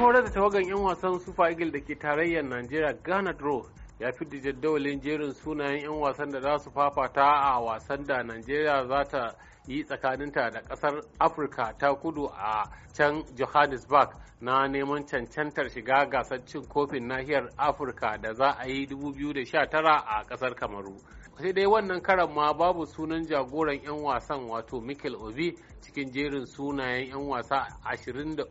horar da tawagan 'yan wasan Super eagle da ke tarayyar Nigeria Ghana Draw ya fi da jadawalin jerin sunayen 'yan wasan da za su fafata a wasan da Najeriya za ta yi tsakaninta da kasar afirka ta kudu a can johannesburg na neman cancantar shiga gasar cin kofin nahiyar afirka da za a yi 2019 a kasar kamaru sai dai wannan karan ma babu sunan jagoran 'yan wasan wato michael obi cikin jerin sunayen 'yan wasa 23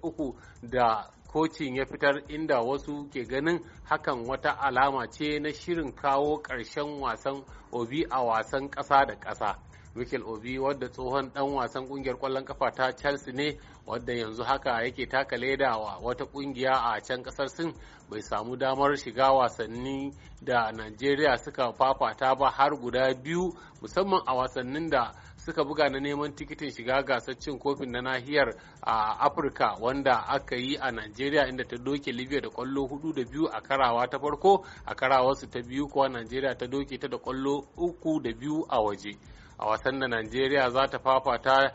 da kocin ya fitar inda wasu ke ganin hakan wata alama ce na shirin kawo ƙarshen wasan obi a wasan ƙasa da ƙasa michael Obi wadda tsohon dan wasan kungiyar kwallon kafa ta Chelsea ne wadda yanzu haka yake taka leda wa wata kungiya a can kasar Sin bai samu damar shiga wasanni da Najeriya suka fafata ba har guda biyu musamman a wasannin da suka buga na neman tikitin shiga gasar cin kofin na nahiyar a afirka wanda aka yi a najeriya inda ta doke libya da kwallo hudu da biyu a karawa ta farko a karawarsu ta biyu kuwa najeriya ta doke ta da kwallo uku da biyu a waje a wasan da Najeriya za ta fafata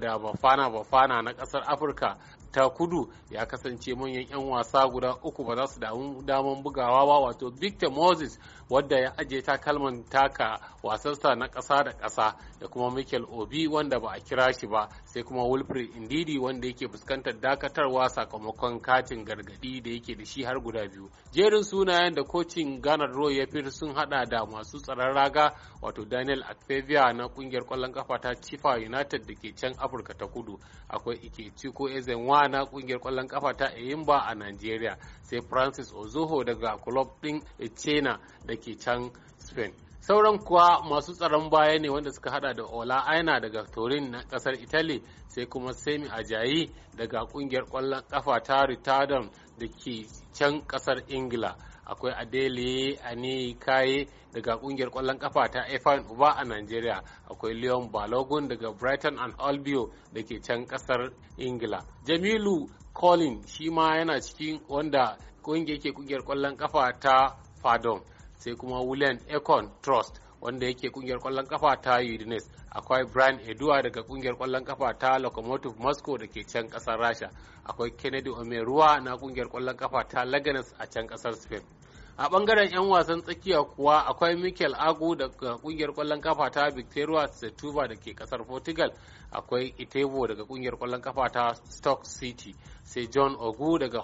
da bafana bafana na kasar Afirka ta kudu ya kasance manyan 'yan wasa guda uku ba za su damu damar bugawa ba wato victor moses wadda ya ajiye takalman taka wasansa na ƙasa da ƙasa da kuma michael obi wanda ba a kira shi ba sai kuma wilfred indidi wanda yake fuskantar dakatarwa sakamakon katin gargadi da yake da shi har guda biyu jerin sunayen da kocin ganar roy ya fi sun hada da masu tsaron raga wato daniel akpevia na kungiyar kwallon kafa ta chifa united da ke can afirka ta kudu akwai ike ciko ezenwa na kungiyar kwallon kafa ta Eyimba a Najeriya sai Francis Ozoho daga club din Echena da ke can Spain. sauran kuwa masu tsaron baya ne wanda suka hada da ola aina daga turin na kasar italy sai kuma semi ajayi daga kungiyar kwallon kafa ta retardon da ke can kasar ingila akwai adele ani kaye daga kungiyar kwallon kafa ta fan uba a nigeria akwai leon balogun daga brighton and albio da ke can kasar ingila jamilu colin shi ma yana cikin wanda kungiyar ke kungiyar kwallon kafa ta fadon sai kuma william econ trust wanda yake kungiyar kwallon kafa ta udinese akwai brian edua daga kungiyar kwallon kafa ta locomotive moscow da can kasar rasha akwai kennedy omeruwa na kungiyar kwallon kafa ta leganes a can kasar spain a bangaren 'yan wasan tsakiya kuwa akwai mikel agu daga kungiyar kwallon kafa ta victoria setuba da ke kasar portugal akwai itebo daga kungiyar kwallon kafa ta stock city sai john ogu daga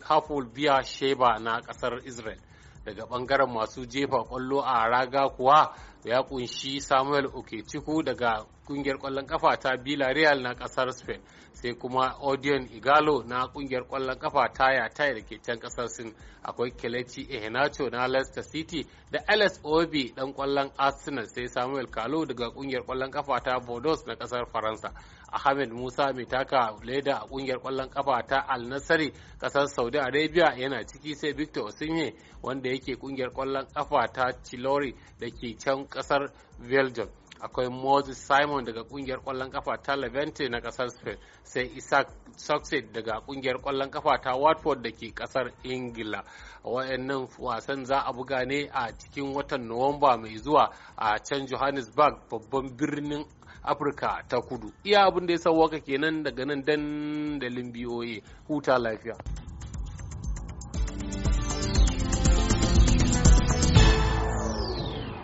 haful biya sheba na kasar israel daga bangaren masu jefa kwallo a raga kuwa ya kunshi samuel okechukwu daga kungiyar kwallon kafa ta Villarreal na kasar Spain sai kuma Odion Igalo na kungiyar kwallon kafa ta Yataya da ke can kasar Sin akwai Kelechi Iheanacho na Leicester City da Alex Obi dan kwallon Arsenal sai Samuel Kalu daga kungiyar kwallon kafa ta Bordeaux na kasar Faransa Ahmed Musa mai taka leda a kungiyar kwallon kafa ta Al Nassr kasar Saudi Arabia yana ciki sai Victor Osimhen wanda yake kungiyar kwallon kafa ta Chilori da ke can kasar Belgium akwai moses simon daga kungiyar kwallon kafa ta levante na kasar spain sai isaac succeed daga kungiyar kwallon kafa ta watford da ke kasar ingila wayannan wasan za a buga ne a cikin watan nuwamba mai zuwa a can johannesburg babban birnin afirka ta kudu iya abin da ya sauwaka kenan daga nan dandalin boa huta lafiya